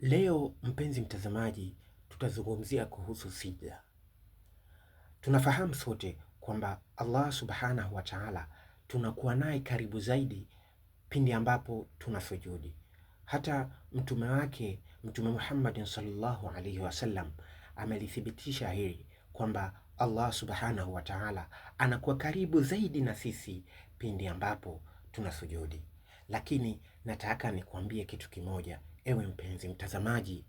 Leo mpenzi mtazamaji, tutazungumzia kuhusu sijda Tunafahamu sote kwamba Allah subhanahu wa taala tunakuwa naye karibu zaidi pindi ambapo tunasujudi. Hata mtume wake Mtume Muhammadin sallallahu alaihi wasallam amelithibitisha hili kwamba Allah subhanahu wa taala anakuwa karibu zaidi na sisi pindi ambapo tunasujudi. Lakini nataka nikuambie kitu kimoja Ewe mpenzi mtazamaji,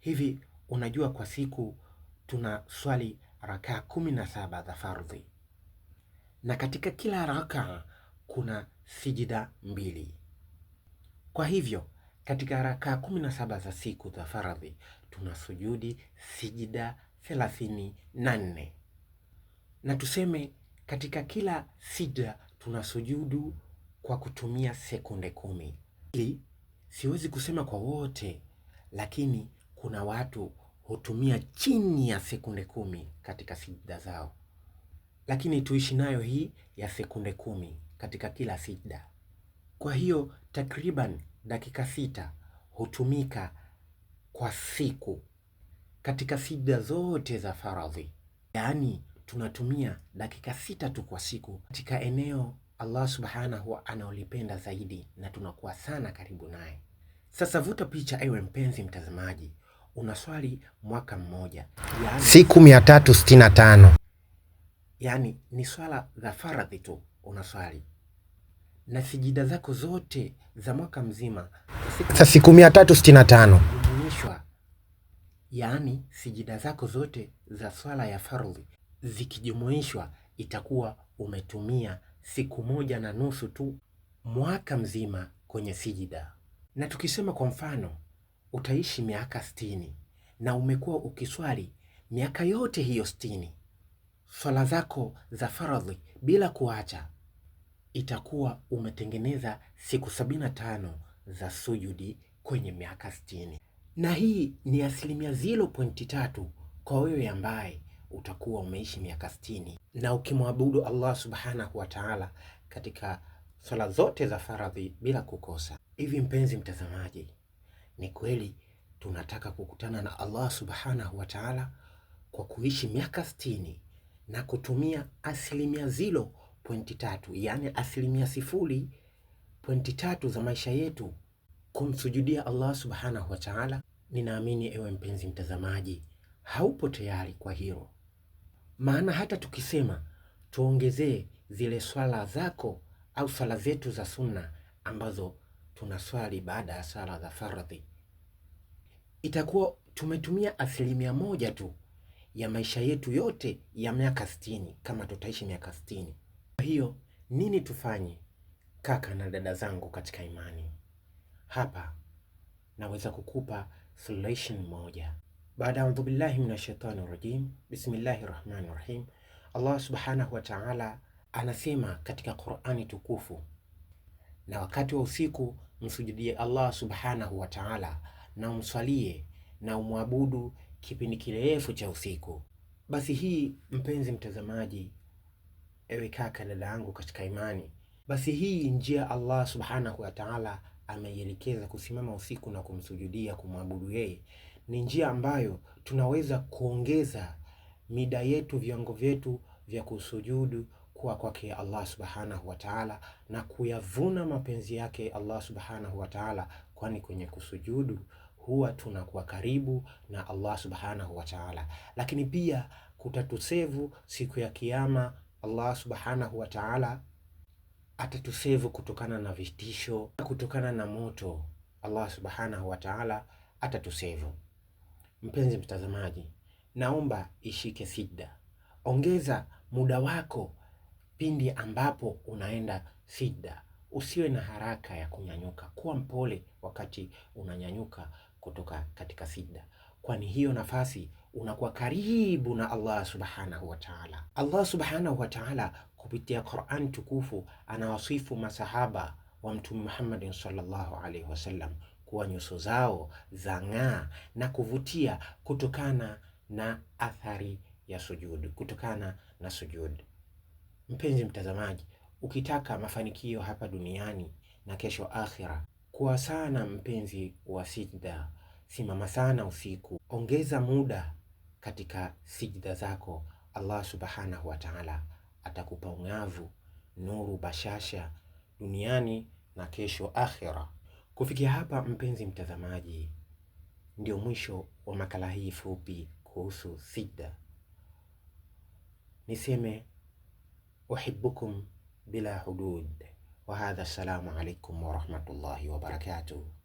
hivi unajua kwa siku tuna swali rakaa kumi na saba za fardhi, na katika kila rakaa kuna sijida mbili. Kwa hivyo katika rakaa kumi na saba za siku za fardhi tuna sujudi sijida thelathini na nne na tuseme katika kila sijida tuna sujudu kwa kutumia sekunde kumi ili siwezi kusema kwa wote, lakini kuna watu hutumia chini ya sekunde kumi katika sijda zao, lakini tuishi nayo hii ya sekunde kumi katika kila sijda. Kwa hiyo takriban dakika sita hutumika kwa siku katika sijda zote za faradhi, yaani tunatumia dakika sita tu kwa siku katika eneo Allah subhanahu anaolipenda zaidi na tunakuwa sana karibu naye. Sasa vuta picha, ewe mpenzi mtazamaji, unaswali mwaka mmoja, yani siku 365, yani ni swala za faradhi tu unaswali na sijida zako zote za mwaka mzima za siku 365 jumuishwa, yaani sijida zako zote za swala ya faradhi zikijumuishwa itakuwa umetumia siku moja na nusu tu mwaka mzima kwenye sijida. Na tukisema kwa mfano utaishi miaka sitini na umekuwa ukiswali miaka yote hiyo sitini, swala zako za faradhi bila kuacha, itakuwa umetengeneza siku sabini na tano za sujudi kwenye miaka sitini. Na hii ni asilimia 0.3 kwa wewe ambaye utakuwa umeishi miaka sitini. Na ukimwabudu Allah subhanahu wa taala katika swala zote za faradhi bila kukosa. Hivi mpenzi mtazamaji, ni kweli tunataka kukutana na Allah subhanahu wa taala kwa kuishi miaka sitini na kutumia asilimia zilo pointi tatu, yaani asilimia sifuri pointi tatu za maisha yetu kumsujudia Allah subhanahu wa taala? Ninaamini ewe mpenzi mtazamaji, haupo tayari kwa hilo. Maana hata tukisema tuongezee zile swala zako au swala zetu za sunna ambazo tunaswali baada ya swala za faradhi, itakuwa tumetumia asilimia moja tu ya maisha yetu yote ya miaka sitini kama tutaishi miaka sitini. Kwa hiyo nini tufanye, kaka na dada zangu katika imani? Hapa naweza kukupa solution moja. Baada ya audhubillahi minashaitani rajim, bismillahi rahmani rahim. Allah subhanahu wa taala anasema katika Qurani tukufu, na wakati wa usiku msujudie Allah subhanahu wa taala na umswalie na umwabudu kipindi kirefu cha usiku. Basi hii mpenzi mtazamaji, ewe kaka, dada yangu katika imani, basi hii njia Allah subhanahu wa taala ameielekeza kusimama usiku na kumsujudia, kumwabudu yeye ni njia ambayo tunaweza kuongeza mida yetu, viwango vyetu vya kusujudu kuwa kwake Allah subhanahu wa taala na kuyavuna mapenzi yake Allah subhanahu wa taala, kwani kwenye kusujudu huwa tunakuwa karibu na Allah subhanahu wa taala, lakini pia kutatusevu siku ya Kiyama. Allah subhanahu wa taala atatusevu kutokana na vitisho, kutokana na moto. Allah subhanahu wa taala atatusevu. Mpenzi mtazamaji, naomba ishike sijda, ongeza muda wako pindi ambapo unaenda sijda. Usiwe na haraka ya kunyanyuka, kuwa mpole wakati unanyanyuka kutoka katika sijda, kwani hiyo nafasi unakuwa karibu na Allah subhanahu wa taala. Allah subhanahu wa taala kupitia Qur'an tukufu anawasifu masahaba wa Mtume Muhammadin sallallahu alaihi wasallam wa nyuso zao ng'aa na kuvutia kutokana na athari ya sujud, kutokana na sujudu. Mpenzi mtazamaji, ukitaka mafanikio hapa duniani na kesho akhira, kuwa sana mpenzi wa sijda, simama sana usiku, ongeza muda katika sijda zako. Allah subhanahu wa ta'ala atakupa ung'avu, nuru bashasha duniani na kesho akhira. Kufikia hapa, mpenzi mtazamaji, ndio mwisho wa makala hii fupi kuhusu sijda. Niseme uhibbukum bila hudud, wa hadha, assalamu alaikum warahmatullahi wabarakatuh.